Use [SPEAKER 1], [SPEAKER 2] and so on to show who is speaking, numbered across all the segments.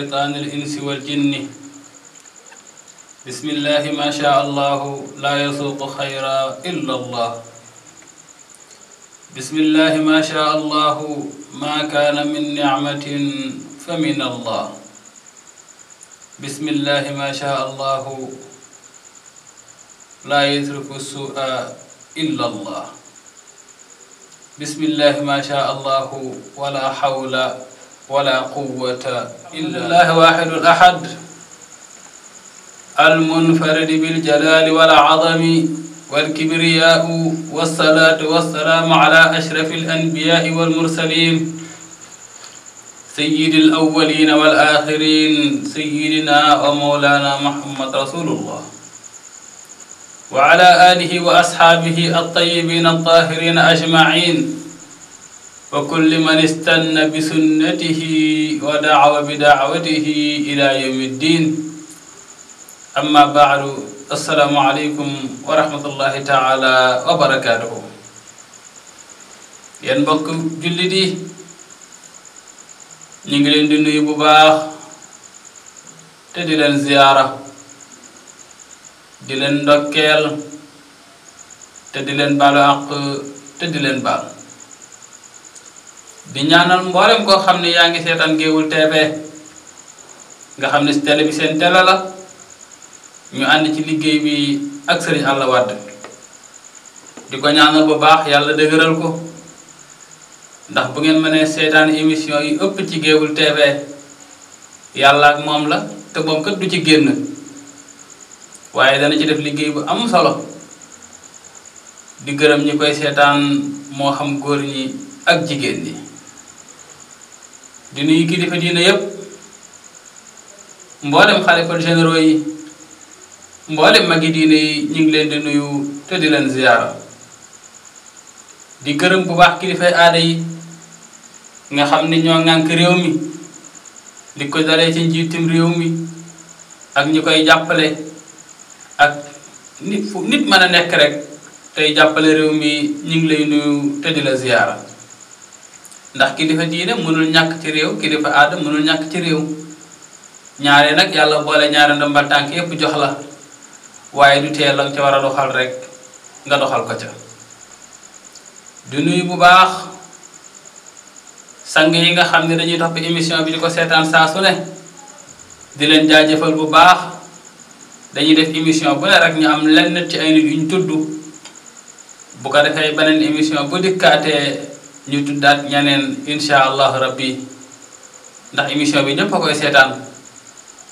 [SPEAKER 1] شيطان الإنس والجن بسم الله ما شاء الله لا يسوق خيرا إلا الله بسم الله ما شاء الله ما كان من نعمة فمن الله بسم الله ما شاء الله لا يترك السوء إلا الله بسم الله ما شاء الله ولا حول ولا قوة إلا الله واحد الأحد المنفرد بالجلال والعظم والكبرياء والصلاة والسلام على أشرف الأنبياء والمرسلين سيد الأولين والآخرين سيدنا ومولانا محمد رسول الله وعلى آله وأصحابه الطيبين الطاهرين أجمعين wa kulli man istanna bi sunnatihi wa daawa bi daawatihi ila yawmi ddin amma baadu assalaamu aleykum wa rahmatullahi taala wa barakaatuhu yéen mbokk jullit yi ñu ngi leen di nuyu bu baax te di leen ziyaara di leen ndokkeel te di leen baalu àq te di leen baal di ñaanal mboolem koo xam ne yaa ngi seetaan Géewul TV nga xam ne si télé bi seen télé la ñu ànd ci liggéey bi ak sëriñ Alla Wade di ko ñaanal bu baax yàlla dëgëral ko ndax bu ngeen mënee seetaan émission yi ëpp ci Géewul TV yàlla ak moom la te moom kat du ci génn waaye dana ci def liggéey bu am solo di gërëm ñi koy seetaan moo xam góor ñi ak jigéen ñi di nuyu kilifa diine yëpp mboolem xalifa généraux yi mboolem magi diine yi ñu ngi leen di nuyu te di leen ziyaara di gërëm bu baax kilifay aada yi nga xam ni ñoo ŋànk réew mi di ko dalee ci njiitum réew mi ak ñi koy jàppale ak nit fu nit mën a nekk rek tey jàppale réew mi ñu ngi lay nuyu te di ziyaara ndax kilifa diine mënul ñàkk ci réew kilifa aada mënul ñàkk ci réew ñaare nag yàlla boole ñaare ndomba tànk yépp jox la waaye du teel la war a doxal rek nga doxal ko ca du nuyu bu baax sang yi nga xam ne dañuy topp émission bi di ko seetaan saa su ne di leen jaajëfal bu baax dañuy def émission bu ne rek ñu am lenn ci ay nit yu ñu tudd bu ko defee beneen émission bu dikkaatee ñu tuddaat ñaneen insha allah rabbi ndax émission eh. bi ñëpp a koy seetaan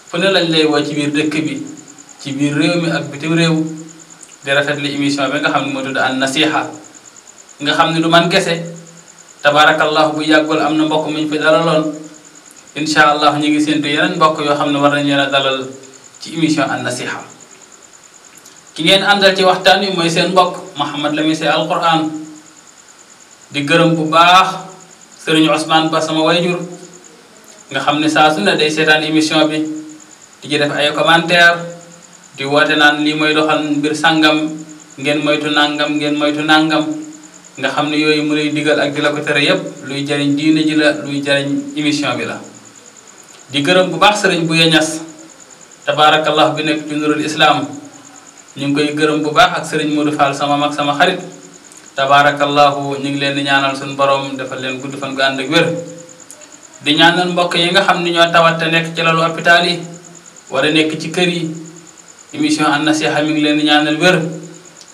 [SPEAKER 1] fu ne lañ lay woo ci biir dëkk bi ci biir réew mi ak bitim réew di rafetli émission bi nga xam ne moo tudd an nasiha nga xam ne du man kese tabarakallahu bu yàggul am na mbokk ñu fi dalaloon insha allah ñu ngi séntu yeneen mbokk yoo xam ne war nañ leen a dalal ci émission an nasiha ki ngeen àndal ci waxtaan wi mooy seen mbokk Mouhamad lamise alquran di gërëm bu baax sëriñ Ousmane ba sama wayjur nga xam ne saa su ne day seetaan émission bi di ci def ay commentaire di woote naan lii mooy doxal mbir sangam ngeen moytu nangam ngeen moytu nangam nga xam ne yooyu mu lay digal ak di la ko tere yépp luy jariñ diine ji la luy jariñ émission bi la di gërëm bu baax sëriñ bu yeñas tabarakallah bi nekk ci nurul islam ñu ngi koy gërëm bu baax ak sëriñ Modou Fall sama mak sama xarit tabarakallahu ñu ngi leen di ñaanal suñu borom defal leen gudd fan gu ànd ak wér di ñaanal mbokk yi nga xam ni ñoo tawat te nekk ci lalu hôpital yi wala nekk ci kër yi émission an nasiha mi ngi leen di ñaanal wér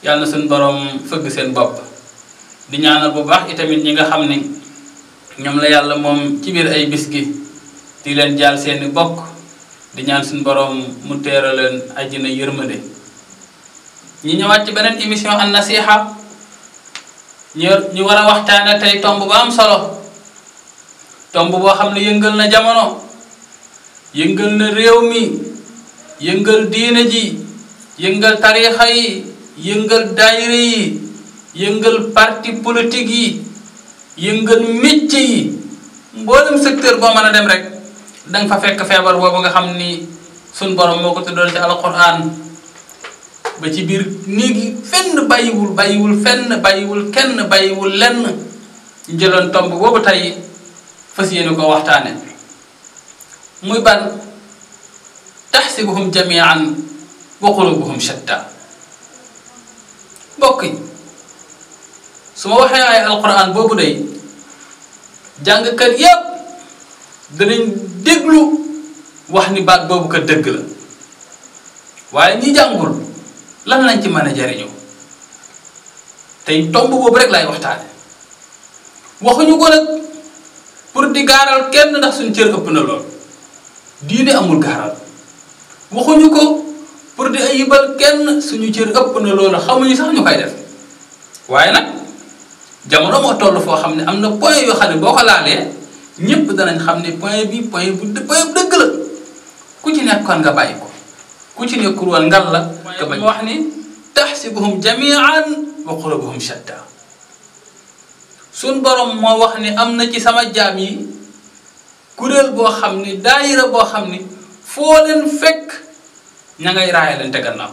[SPEAKER 1] yàlla na suñu borom fëgg seen bopp di ñaanal bu baax itamit ñi nga xam ni la yàlla moom ci biir ay bis gi di leen jaal seeni bokk di ñaan suñu borom mu teera leen yërmande ñi ñëwaat ci beneen émission an nasiha ñu ñu war a waxtaane tey tomb ba am solo tomb boo xam ne yëngal na jamono yëngal na réew mi yëngal diine ji yëngal tariixa yi yëngal daayira yi yëngal parti politique yi yëngal métier yi mboolem secteur boo mën a dem rek danga fa fekk feebar boobu nga xam ni sun borom moo ko tuddoon ci alquran ba ci biir néegi fenn bàyyiwul bàyyiwul fenn bàyyiwul kenn bàyyiwul lenn ñu jëloon tomb boobu tey fas yéene ko waxtaane muy ban taxsibuhum jamian wa qulubuhum shatta mbokk yi su ma waxee ay alquran boobu day jàngkat yépp danañ déglu wax ni baat boobu ko dëgg la waaye ñi jàngul lan lañ ci mën a jariñoo tey tomb boobu rek lay waxtaane waxuñu ko nag pour di gaaral kenn ndax suñu cër ëpp na lool diine amul gaaral waxuñu ko pour di ayibal kenn suñu cër ëpp na loolu xamuñu sax ñu koy def waaye nag jamono moo toll foo xam ne am na point yoo xam ne boo ko laalee ñëpp danañ xam ne point bi point bu point bu dëgg la ku ci nekkoon nga bàyyi ko ku ci nekkul woon ngal la ka bañ wax ni taxsibuhum jamian wa qulubuhum shatta suñ borom moo wax ni am na ci sama jaam yi kureel boo xam ni daayira boo xam ni foo leen fekk ña ngay raayalante gannaaw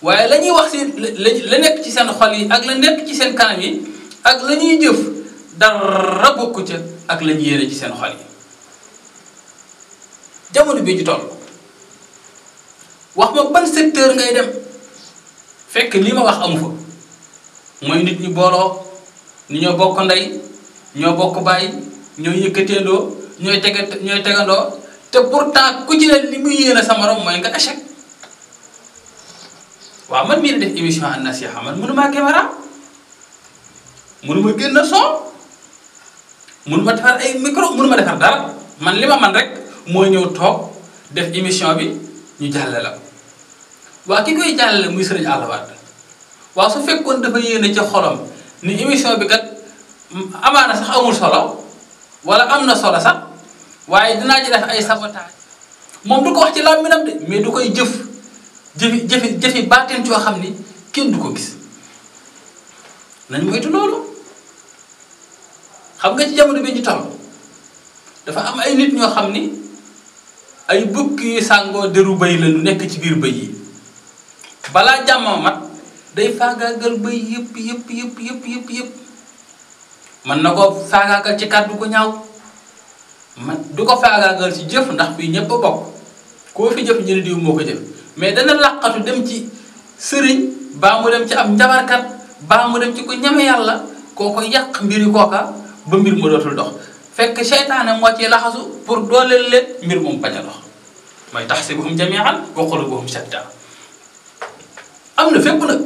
[SPEAKER 1] waaye lañuy wax si la nekk ci seen xol yi ak la nekk ci seen kanam yi ak la ñuy jëf dara bokku ca ak la ñu yéene ci seen xol yi jamono bi ju toll wax ma ban secteur ngay dem fekk li ma wax amu fa mooy nit ñu booloo ni ñoo bokk nday ñoo bokk bàyyi ñoo yëkkateendoo ñooy tege ñooy tegandoo te pourtant ku ci ne li muy yéene sa morom mooy nga échec waaw man mii la def émission An Nasiha man mënuma caméra mënuma génn son mënuma defar ay micro dara man lima man rek mooy ñëw toog def émission bi ñu jàlle la waa ki koy jàllale muy sëriñ Alla Wade waaw su fekkoon dafa yéene ca xolam ni émission bi kat amaana sax amul solo wala am na solo sax waaye dinaa ci def ay sabotage moom du ko wax ci làmminam de mais du koy jëf jëfi jëfi jëfi baatin coo xam ni kenn du ko gis nañ moytu loolu xam nga ci jamono bi ñu toll dafa am ay nit ñoo xam ni ay bukki yu sàngoo deru bëy la ñu nekk ci biir bëy yi balaa jàmma mat day faagaagal bëy yëpp yëpp yëpp yëpp yëpp mën na ko faagaagal ci kàddu ko ñaaw man du ko faagaagal ci jëf ndax fii ñépp a koo fi jëf ñu diw moo ko jëf mais dana laqatu dem ci sëriñ baa mu dem ci ab njabarkat baa mu dem ci ku ñeme yàlla koo ko yàq mbiri kooka ba mbir mu dootul dox fekk seytaane moo ci laxasu pour dooleel leen mbir moom bañ a dox mooy taxsibuhum jamian wa qulubuhum shatta am na fépp nag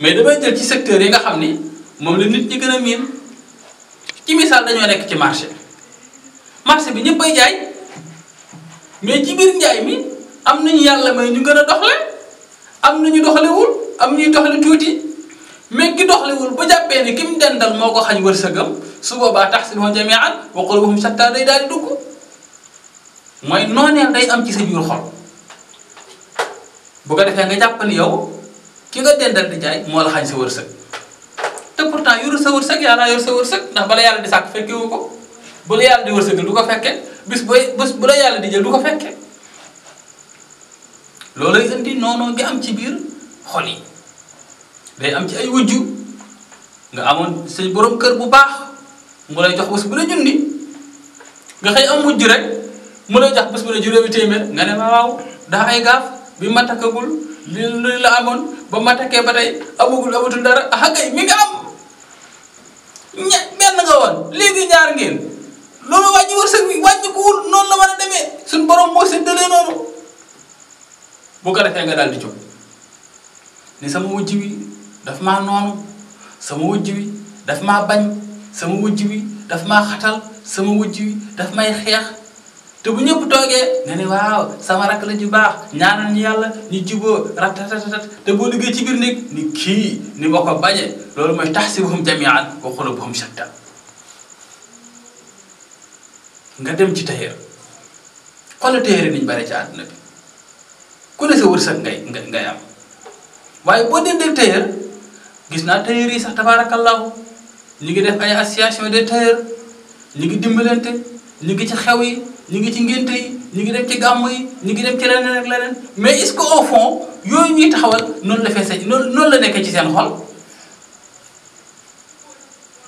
[SPEAKER 1] mais damay jël ci secteur yi nga xam ni moom la nit ñi gën a miin ci misaal dañoo nekk ci marché marché bi ñëpp ay jaay mais ci biir njaay mi am nañu yàlla may ñu gën a doxle am nañu wul am ñuy doxle tuuti mais ki doxlewul ba jàppee ni ki mu dendal moo ko xañ wërsëgam su boobaa tahsinuhum jamii'an wa quluubuhum shattaa day daal di dugg mooy nooneel day am ci sa biir xol bu ko defee nga jàpp ne yow ki nga dendal di jaay moo la xañ sa wërsëg te pourtant yoru sa wërsëg yàlla yor sa wërsëg ndax bala yàlla di sàkk fekke wu ko bu la yàlla di wërsëg du ko fekke bis booy bés bu la yàlla di jël du ko fekke loolay indi noonu gi am ci biir xol yi day am ci ay wujju nga amoon sa borom kër bu baax mu lay jox bés bu ne jundi nga xëy am mujj rek mu lay jox bés bu ne juróomi téeméer nga ne waaw daa ay gaaf bi ma takkagul li li la amoon ba ma takkee ba tey amagul amatul dara ah kay mi nga am ña benn nga woon léegi ñaar ngeen loolu wàññi wërsëg bi wàññi ko wul noonu la war a demee suñ borom moo séddalee noonu bu ko defee nga daal di jóg ni sama wujj wi daf maa noonu sama wujj wi daf maa bañ sama wujj wi daf ma xatal sama wujj wi daf may xeex te bu ñëpp toogee nga ne waaw sama rakk la ju baax ñaanal ñu yàlla ñu juboo ratatatatat te boo duggee ci biir néeg ni kii ni ma ko bañee loolu mooy tahsibuhum jami'an wa qulubuhum shatta nga dem ci tailleur xoolal tailleur niñ bare ci àdduna bi ku ne sa wërsëg ngay ngay am waaye boo dendee tailleur gis naa tailleur yi sax tabaarakallaahu ñu ngi def ay association des tailleurs ñu ngi dimbalante ñu ngi ci xew yi ñu ngi ci ngénte yi ñu ngi dem ci gàmm yi ñu ngi dem ci leneen ak leneen mais est-ce que au fond yooyu ñuy taxawal noonu la feesee noonu noonu la nekkee ci seen xol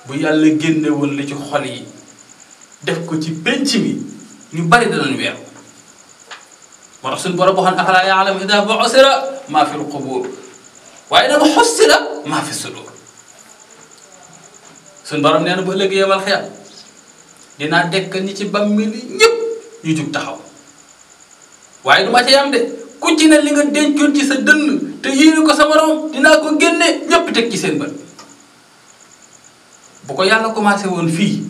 [SPEAKER 1] bu yàlla génne woon ci xol yi def ko ci penc mi ñu bari danañ weer moo tax suñu borom waxoon afalaa ya'lamu idaa bu'sira maa fi l-qubuur waaye dama xussila maa fi sudur sun borom neena bu ëlëgë yamal xiyam dina dekk ni ci li ñëpp ñu jug taxaw waye duma ci yam de ku ci ne li nga dencoon ci sa dënn te yiñu ko sa morom dina ko génne ñëpp tek ci seen bët bu ko yalla commencé won fi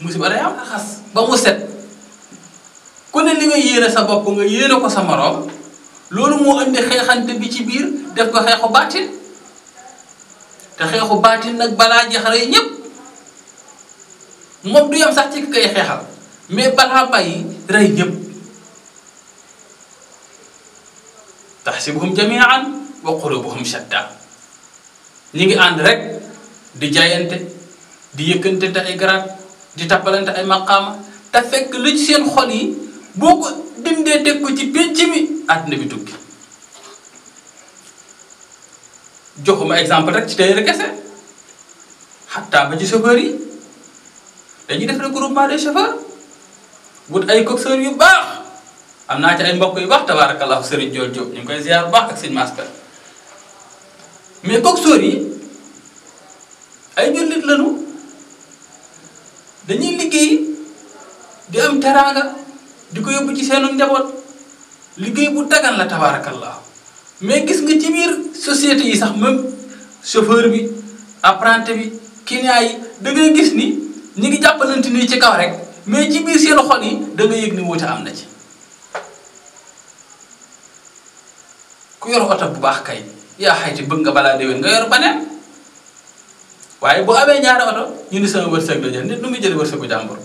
[SPEAKER 1] musiba day am xass ba mu set ku ne li nga yéene sa bopp nga yéene ko sa morom loolu moo andi xeexante bi ci biir def ko xeexu baatin te xeexu baatin nag balaa jeex rey mom du yam sax ci kay xexal mais balha bàyyi ray ñëpp tahsibuhum jamian wa qulubuhum shatta ñi ngi and rek di jayante di yëkkante te ay garaat di tapalante ay maqama ta fekk lu ci seen xol yi boko ko dindee ko ci pénc mi na bi tukki joxuma exemple rek ci tey rek kese ba ci chauffeur dañuy def regroupement des chauffeurs wut ay coxeur yu baax am naa ci ay mbokk yu baax tabaarakallahu sëriñ Jool Jóob ñu koy ziar bu baax ak sëñ maska mais coxeur yi ay jullit lañu dañuy liggéey di am di ko yóbbu ci seenu njaboot liggéey bu dagan la tabaarakallahu mais gis nga ci biir société yi sax même chauffeur bi apprenti bi client yi da gis nii ñi ngi jàppalante nii ci kaw rek mais ci biir seen xol yi da nga yëg ni wuute am na ci ku yor oto bu baax kay yaa xayti bëgg nga balaa déwén nga yor baneen waaye bu amee ñaari oto ñu ni sama wërsëg la jël nit nu ngi jël wërsëgu jàmbur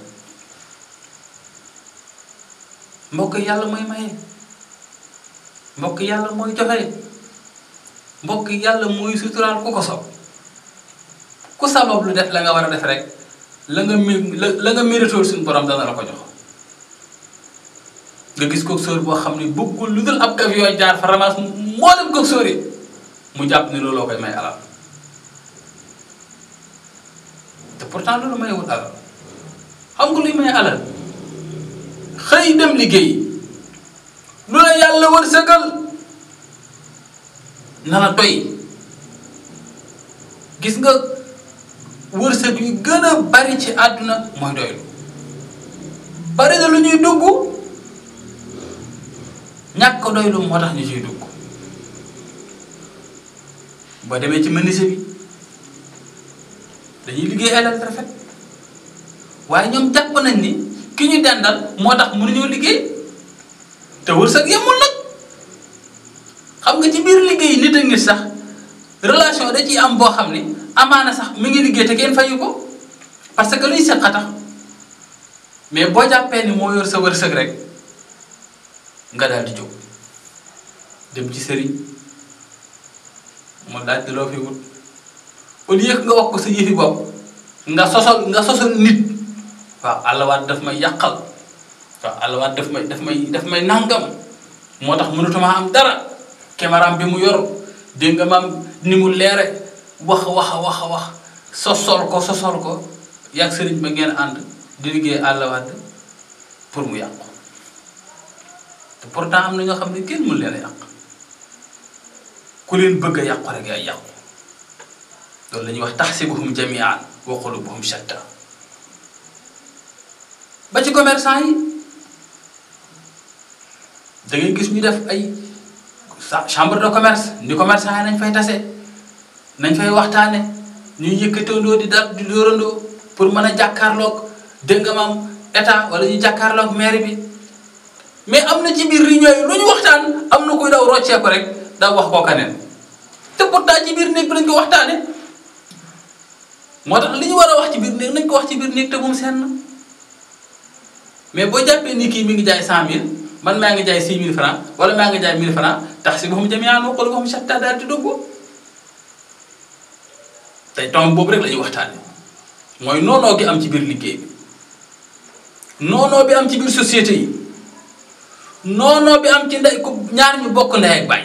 [SPEAKER 1] mbokk yàlla mooy maye mbokk yàlla mooy joxe mbokk yàlla mooy sutural ku ko sob ku sabab lu def la nga war a def rek la nga mi la nga méritool suñu dana la ko jox nga gis ko sóor boo xam ne bëggul lu dul ab kaf yooyu jaar fa moo dem ko sóor yi mu jàpp ne looloo koy may alal te pourtant loolu mayewul may alal xëy liggéey lu la yàlla wërsëgal na la doy gis nga wërsëg yu gën a bari ci àdduna mooy doylu bari da lu ñuy dugg ñàkk doylu moo tax ñu ciy dugg ba démé ci menisé bi dañuy liggéey alal rafet waye ñom japp nañ ni ki ñu dendal moo tax mënuñoo liggéey te wërsëg yemul nak xam nga ci bir liggéey nit ak nit sax relation da ci am bo xamni amana sax mi ngi liggé te kene fayu ko parce que luy sekata mais bo jappé ni mo yor sa wërsëg rek nga dal di jog dem ci sëriñ mo dal di lo fi wut au lieu nga wax ko sa bop nga sosol nga sosol nit Allah wa daf may wa Allah wa daf may daf may daf may nangam motax munutuma am dara kemaram bi mu yor de nga mam ni mu leere wax wax wax wax sosol ko sosol ko yàgg sëriñ ba ngeen ànd di liggéey àllawaat pour mu yàqu te pourtant am na ñoo xam ne kenn mu leen a yàq ku leen bëgg a yàqu rek ay yàqu loolu la ñuy wax taxsibuhum jamian wa qulubuhum shatta ba ci commerçant yi da ngay gis ñu def ay chambre de commerce ni commerçant yi nañ fay tase nañ fay waxtane ñu yëkëte ndo di dal di dóorandoo pour mën a jàkkaarloog dëngamam état wala ñu jàkkaarloog maire bi mais amna ci bir réunion yi lu ñu waxtaan am na kuy daw roccee ko rek da wax ko kanen te pourtant ci bir nek bi lañ ko waxtane motax liñu wara wax ci bir nek nañ ko wax ci bir nek te bu mu senn mais bo jappé ni ki mi ngi jaay 100000 man ma nga jaay 6000 francs wala ma nga jaay 1000 francs tax si ba mu jamiaan wa qul ba mu shatta dal di duggu tey tomb boobu rek la waxtaan mooy noonoo gi am ci biir liggéey bi noonoo bi am ci biir société yi noonoo bi am ci ndey ku ñaar ñu bokk ndey ak baay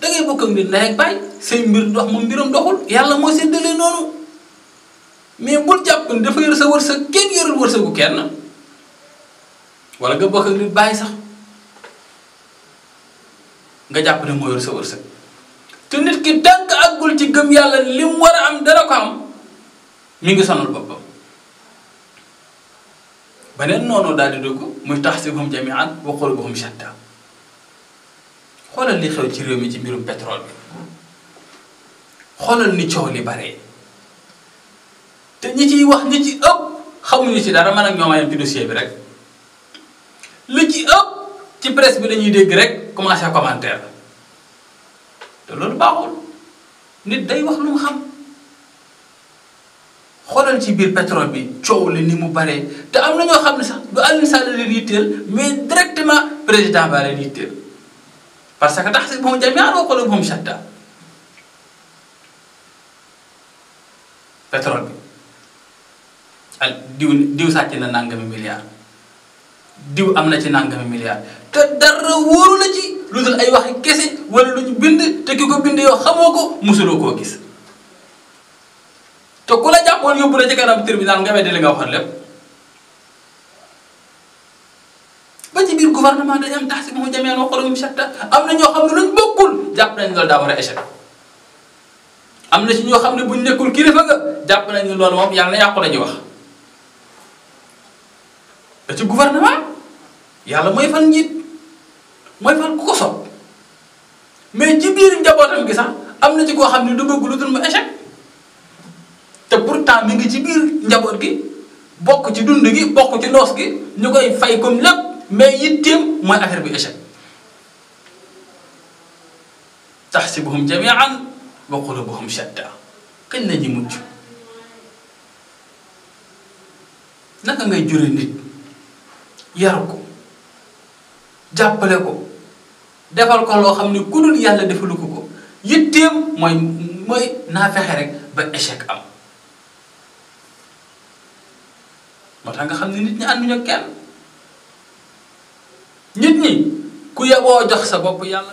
[SPEAKER 1] da ngay bokk ak nit ndey ak baay say mbir dox moom mbiram doxul yàlla moo séddalee noonu mais bul jàpp ni dafa yor sa wërsëg kenn yorul wërsëgu kenn wala nga bokk ak nit baay sax nga jàpp ne moo yor sa wërsëg te nit ki dank agul ci gëm yalla lim war am dara ko am mi ngi sonul bopam banen nono dal di dugg muy taxsibuhum jamian wa qulubuhum shatta xolal li xew ci rew mi ci mbirum pétrole bi ni ciow li bare te ñi ci wax ñi ci ëpp xamuñu ci dara man ak ñoom ayam ci dossier bi rek li ci ëpp ci presse bi dañuy dégg rek commencé commentaire te loolu baaxul nit day wax lu mu xam xoolal ci biir pétrole bi coow li ni mu baree te am na ñoo xam ne sax du Aliou Sall leen yitteel mais directement président baa leen yitteel parce que tax si moom jamian wa quluubuhum shattaa pétrole bi al diw diw sàcc na nangami milliard diw am na ci nangami milliard te dara wóoru la ci lu dul ay waxi kese wala lu ñu bind te ki ko bind yow xamoo ko musuloo koo gis te ku la jàppoon yóbbu la ci kanam tribunal nga weddi li nga waxoon lépp ba ci biir gouvernement dañ am tax mu jameen wa am na ñoo xam ne luñ bokkul jàpp nañ loolu daa war a ñoo xam ne buñ nekkul kilifa nga jàpp nañ ne moom yàlla na yàqu la ñuy wax da ci gouvernement yàlla mooy fan njiit mooy fal ku ko soob mais ci biir njabootam gi sax am na ci koo xam ne du bëgg lu dul mu échec te pourtant mi ngi ci biir njaboot gi bokk ci dund gi bokk ci ndoos gi ñu koy fay comme lépp mais yitteem mooy affaire bi échec taxsibuhum jamian wa qulubuhum shatta kañ la ñuy mujj naka ngay jure nit yar ko jàppale ko defal ko loo xam ne ku dul yàlla defalu ko ko yitteem mooy mooy naa fexe rek ba échec am moo tax nga xam ne nit ñi ànduñu kenn nit ñi ku yeboo jox sa bopp yàlla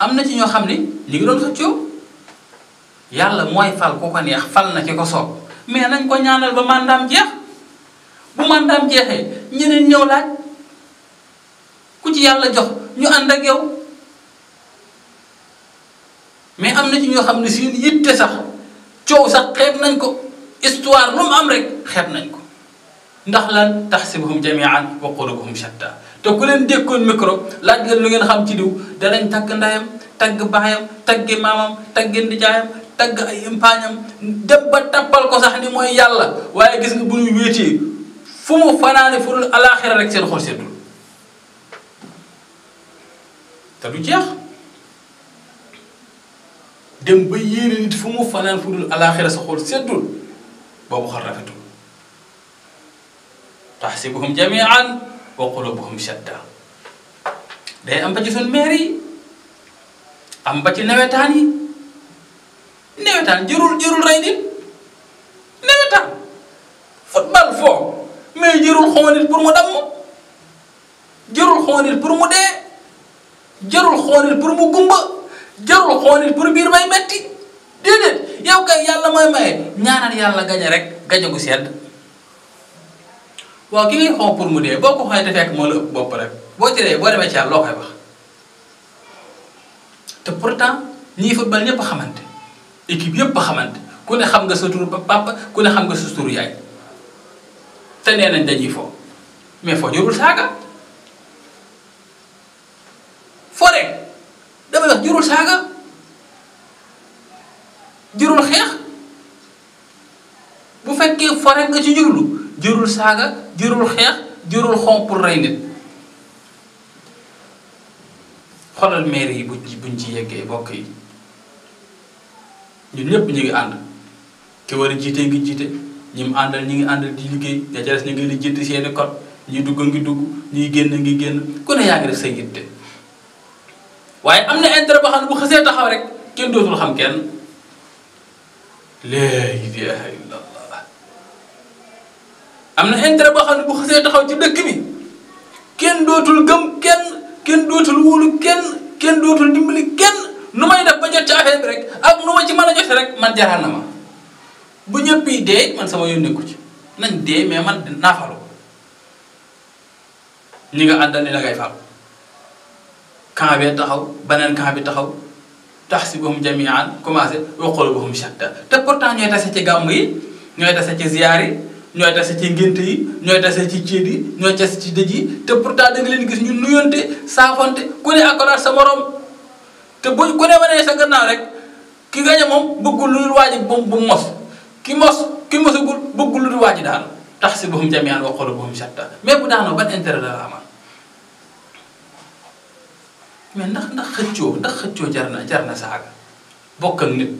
[SPEAKER 1] am na ci ñoo xam ni lii ngi doon xëccoo yàlla mooy fal ku neex fal na ki ko soob mais nañ ko ñaanal ba mandaam jeex bu mandaam jeexee ñeneen ñëw laaj ku ci yàlla jox ñu ànd ak yow mais am na ci ñoo xam ne seen yitte sax coow sax xeeb nañ ko histoire lu mu am rek xeeb nañ ko ndax lan taxsibuhum jamian wa qulubuhum shatta te ku leen dékkoon micro laaj leen lu ngeen xam ci diw danañ tagg ndayam tagg baayam taggi maamam taggi ndijaayam tagg ay impaañam dem ba tappal ko sax ni mooy yàlla waaye gis nga bu ñu wéetee fu mu fanaane fu dul alaaxira rek seen xol seetul te du jeex dem ba yéene nit fu mu fanaan fu dul alaaxira sa xol seddul boobu xol rafetul taxsibuhum jamian wa qulubuhum shatta day am ba ci sun meer yi am ba ci nawetaan yi nawetaan jërul jërul rey nit nawetaan football foo mais jërul xaw nit pour mu damm jërul xaw nit pour mu dee jarul xoolil pour mu gumba jarul xoolil pour biir may metti déedéet yow kay yàlla mooy maye ñaanal yàlla gañe rek gañe gu sedd waaw ki ngay xaw pour mu dee boo ko xoolee te fekk moo la bopp rek boo ci dee boo demee ci yàlla loo koy wax te pourtant ñii football ñëpp a xamante équipe yëpp a xamante ku ne xam nga sa turu papa ku ne xam nga sa turu yaay te nee nañ dañuy fo mais foo jurul saaga. fore, dama wax jurul saga jurul xex bu fekke fo nga ci jurul jurul saga jurul xex jurul pour ray nit xolal mère yi buñ ci yegge bokk yi ñun ñëpp ñi ngi ànd ki war a jiite ngi jiite ñi mu àndal ñi ngi àndal di liggéey ña ca des ngi lijjanti seeni code ñi dugg ngi dugg ñi génn ngi génn ku ne yaa ngi def sa yitte waaye am na intérêt boo xam ne bu xësee taxaw rek kenn dootul xam kenn laa ilaaha illallah am na intérêt boo xam ne bu xësee taxaw ci dëkk bi kenn dootul gëm kenn kenn dootul wóolu kenn kenn dootul dimbali kenn nu may def ba jot ci affaire bi rek ak nu ma ci man a jotee rek man jaral na ma bu ñëpp dee man sama yoon nekku ci nañ dee mais man naafalu ñi nga àndal ni la ngay falu camp bee taxaw beneen camp bi taxaw tax si taxsibuhum jamian commencé wa qulubuhum shatta te pourtant ñooy tase ci gàmm yi ñooy tase ci ziyaar yi ñooy tase ci ngént yi ñooy tase ci céet yi ñooy tase ci dëj yi te pourtant da nga leen gis ñu nuyonte saafonte ku ne akolaat sa moroom te buñ ku ne wanee sa gannaaw rek ki gañe moom bëggul lu dul waaji bu bu mos ki mos ki mosagul bëggul lu dul waaji daal taxsibuhum jamian wa qulubuhum shatta mais bu daanoo ban intérêt la amal mais ndax ndax xëccoo ndax xëccoo jar na jar na saaga bokk nit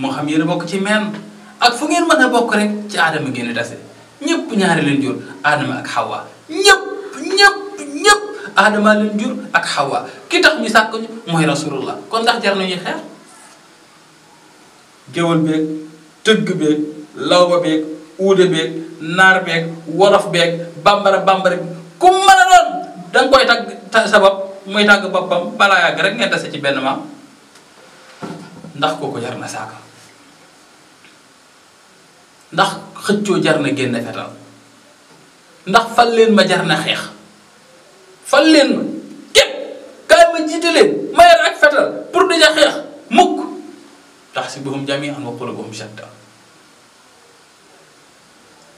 [SPEAKER 1] moo xam yéen bokk ci meen ak fu ngeen mën a bokk rek ci aadama ngeen dase ñëpp ñaari leen jur aadama ak xawa ñëpp ñëpp ñëpp aadama leen jur ak xawa ki tax ñu sàkk ñu mooy rasulullah kon ndax jar nañuy xeex géwal beeg tëgg beeg lawba beeg uude beeg naar beeg wolof beeg bambara bambara bi ku a doon da nga koy tag sabab muy tàgg bopam bala yag rek ngeen tase ci ben maam ndax koku jar na saaka ndax xëccoo jar na génn fetal ndax fal leen ma jar na fal leen ma képp ma jiite leen ma yar ak fetal pour ja xex mukk tax si buhum jami'an wa qulubuhum shatta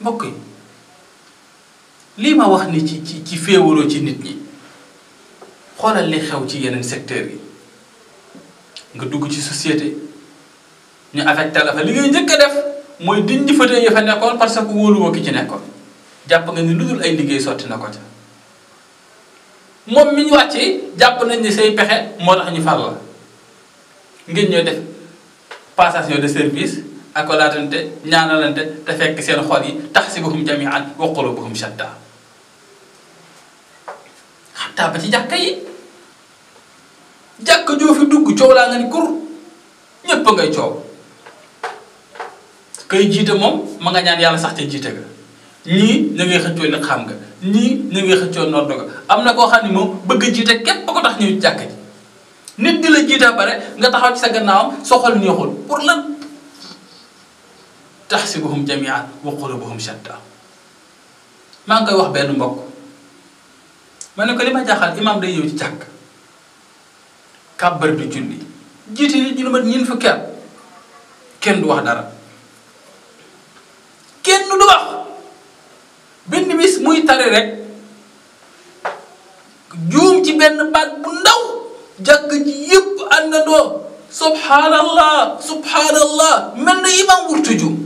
[SPEAKER 1] mbokk yi lii ma wax ni ci ci feewolo ci nit ñi xoolal li xew ci yeneen secteur yi nga dugg ci société ñu affecté la fa li ngay njëkk a def mooy dindi fauteuil ya fa nekkoon parce que wóoluwoo ki ci nekkoon jàpp nga ni lu dul ay liggéey sotti na ko ca moom mi ñu wàccee jàpp nañ ni say pexe moo tax ñu fal la ngeen ñoo def passation de service akolaatante ñaanalante te fekk seen xol yi taxsibuhum jamian wa qulubuhum shatta xataa ba ci jàkka yi jàkk joo fi dugg coow laa nga ni kur ñépp ngay coow kay jiite moom ma nga ñaan yàlla sax ca jiite ga ñii na ngay xëccoo nag xam nga ñii na ngay xëccoo nodd nga am na koo xam ne moom bëgg a jiite képp ko tax ñuy jàkk ji nit di la jiite bare nga taxaw ci sa gannaaw soxal neexul pour lan taxsibuhum jamian wa qulubuhum shatta maa ngi koy wax benn mbokk ma ne ko li ma jaaxal imaam day ñëw ci jàkk Kabar di julli jiti ni ñu lu ñin fu at kenn du wax dara kenn du wax benn bis muy tare rek joom ci benn baat bu ndaw jagg ji yépp àndandoo subhanallah subhanallah mel na imam wurtu juum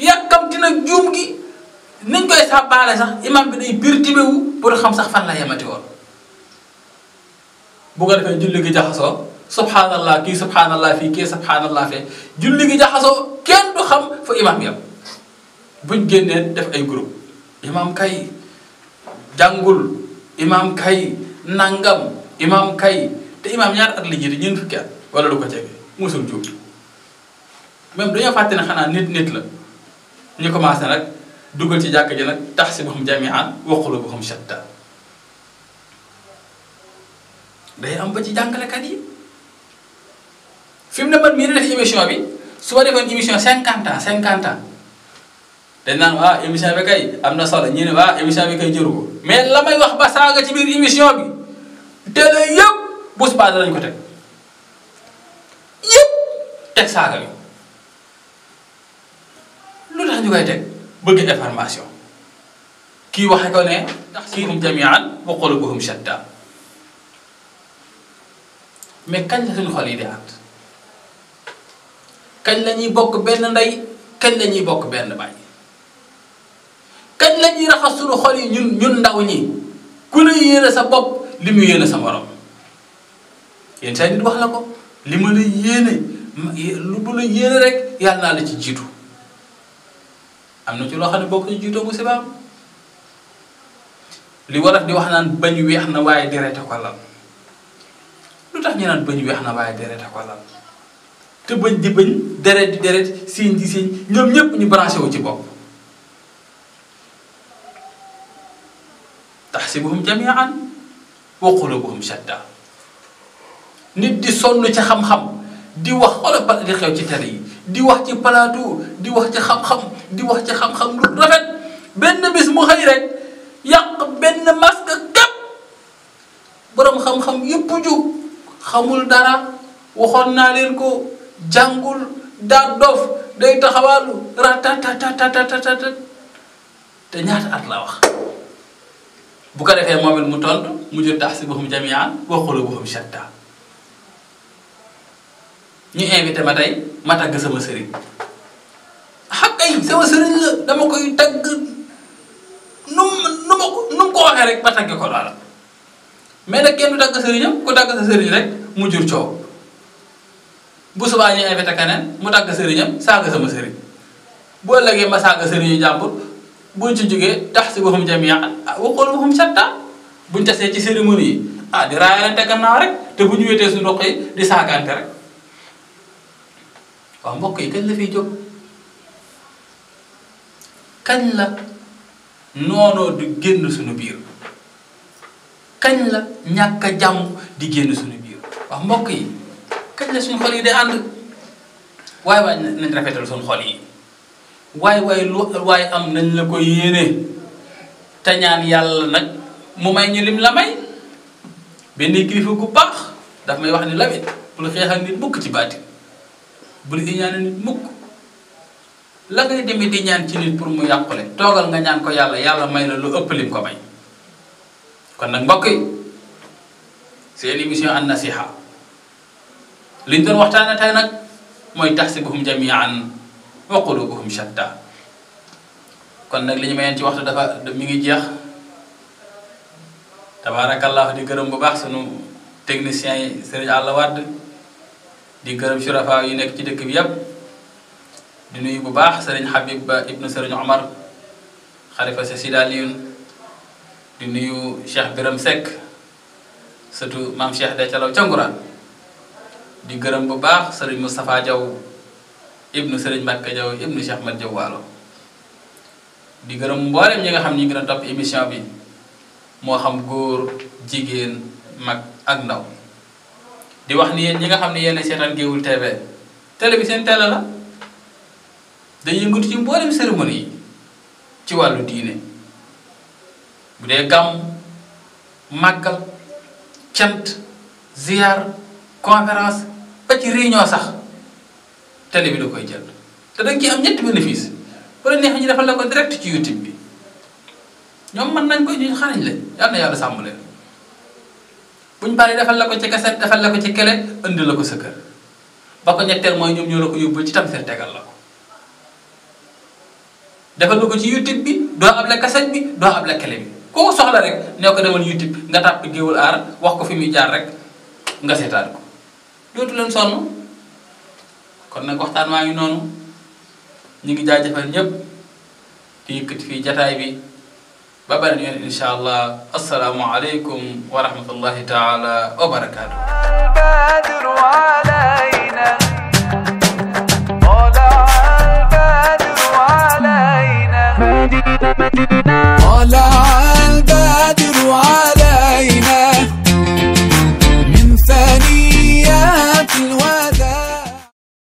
[SPEAKER 1] yàkkamti nag joom gi niñ koy sàbbaale sax imam bi day wu pour xam sax fan la yamati woon bu ko defee julli gi jaxasoo subhanallah kii subhanallah fii kii subhanallah fee julli gi jaxasoo kenn du xam fu imaam yam buñ génnee def ay groupe imaam kay jàngul imaam kay nangam imaam kay te imaam ñaar at la jiite ñeent fukki at wala du ko jege musul juum même dañoo fàtte ne xanaa nit nit la ñu commencé nag dugal ci jàkk ji nag tax si bu xam jamian waqulu bu xam shatta day am ba ci kat yi fim mu ne man mii def émission bi su ma defoon émission 50 ans 50 ans dañ nan wa ah, émission bi kay amna solo ñi ne wa ah, émission bi kay jëru ko mais lamay wax ba saga ci bir émission bi télé yépp bus ba dañ ko tek yépp tek saga bi lu tax ñu koy tek bëgg information ki waxe ko ne tahsinu jamian wa qulubuhum shatta mais kañ la suñu xol yi di ànd kañ la ñuy bokk benn ndey kañ la ñuy bokk benn baay kañ la ñuy raxas suñu xol yi ñun ñun ndaw ñi ku la yéene sa bopp li mu yéene sa morom wax la ko li ma la yéene lu bu la yéene rek yàlla naa la ci jiitu am na ci loo xam ne bokk ci jiitoo bu sibaam li war di wax naan bañ weex na waaye derete ko lal tax ñu naan bañ weex na waaye deret ak wàllal te bañ di bañ deret di deret siiñ di siiñ ñoom ñëpp ñu branché wu ci bopp taxsibuhum jamian wa qulubuhum shatta nit di sonn ci xam-xam di wax di xew ci yi di wax ci plateau di wax ci xam-xam di wax ci xam-xam lu rafet benn bis mu xëy rek yàq benn masque borom xam-xam yëpp xamul dara waxoon naa leen ko jàngul daat dof day taxawaalu ratatatatatatatat te ñaata at la wax bu ko defee moom it mu tontu mu jot taxsibuhum jamian wa qulubuhum shatta ñu invité ma tey ma tagg sama sëriñ xaq ah, ay sama sëriñ la dama koy tagg nu mu nu ma nu mu ko waxee rek ma tagg ko loola mais nag kenn dagg sëriñam ku dagg sa sëriñ rek mu jur coow bu subaa ñu invité keneen mu dagg sëriñam saaga sama sëriñ bu ëllëgee ma saaga sëriñu jàmbur buñ ci jógee tax si baxum jamian ah, wa qulubuhum shatta buñ tasee ci cérémonie yi ah di raayalante gannaaw rek te bu ñu wéetee suñu roq yi di saagante rek waaw mbokk yi kañ la fiy jóg kañ la noonoo du génn suñu biir kañ la ñàkk a jàmm di génn suñu biir wax mbokk yi kañ la suñu xol yi day ànd waaye waaye nañ rafetal suñu xol yi waaye waaye waaye am nañ la ko yéene te ñaan yàlla nañ mu may ñu lim la may benn kilifa gu baax daf may wax ni lawet bul xeex ak nit mukk ci baati bul iñaane nit mukk la ngay demee di ñaan ci nit pour mu yàqule toogal nga ñaan ko yàlla yàlla may la lu ëpp lim ko may kon nag mbokk yi seen émission an nasiha liñ doon waxtaan tey nag mooy taxsibuhum jamian wa qulubuhum shatta kon nag li ñu mayeen ci waxtu dafa mi ngi jeex tabaarakallah di gërëm bu baax sunu techniciens yi sëriñ Alla Wade di gërëm surafa yi nekk ci dëkk bi yépp di nuyu bu baax sëriñ Habib Ba ibnu sëriñ Omar xalifa sa Sida Alioune di nuyu Cheikh Biram Seck surtout maam Cheikh de Calaw Canguraan di gërëm bu baax sëriñ Moustapha Diaw ibnu sëriñ Mbacke Diaw ibnu Cheikh Mat Diaw Waalo di gërëm mboolem ñi nga xam ñi gën émission bi moo xam góor jigéen mag ak ndaw di wax ni yéen ñi nga xam ne yéen seetaan Géewul TV télé bi seen télé la dañuy yëngatu ci mboolem cérémonie yi ci wàllu diine bu dee gàmm màggal cant ziyaar conférence ba ci réunion sax télé bi da koy jël te da nga am ñetti bénéfice bu la neexee ñu defal la ko direct ci YouTube bi ñoom mën nañ ko ñu xarañ la yàlla sàmm leen buñ paree defal la ko ci kaset defal la ko ci kele indi la ko sa kër ba ko ñetteel mooy ñoom ñoo la ko yóbbul ci tamseer tegal la ko defal la ko ci YouTube bi doo ab la kaset bi doo ab la kele bi koo soxla rek ne ko demal YouTube nga tàpp géwël aar wax ko fi muy jaar rek nga seetaan ko dootu leen sonn kon nag waxtaan waa ngi noonu ñu ngi jaajëfal ñépp di yëkkati jataay bi ba beneen yoon insha allah assalaamu aleykum wa rahmatullahi taala wa barakaatu علينا من ثنيات الوالد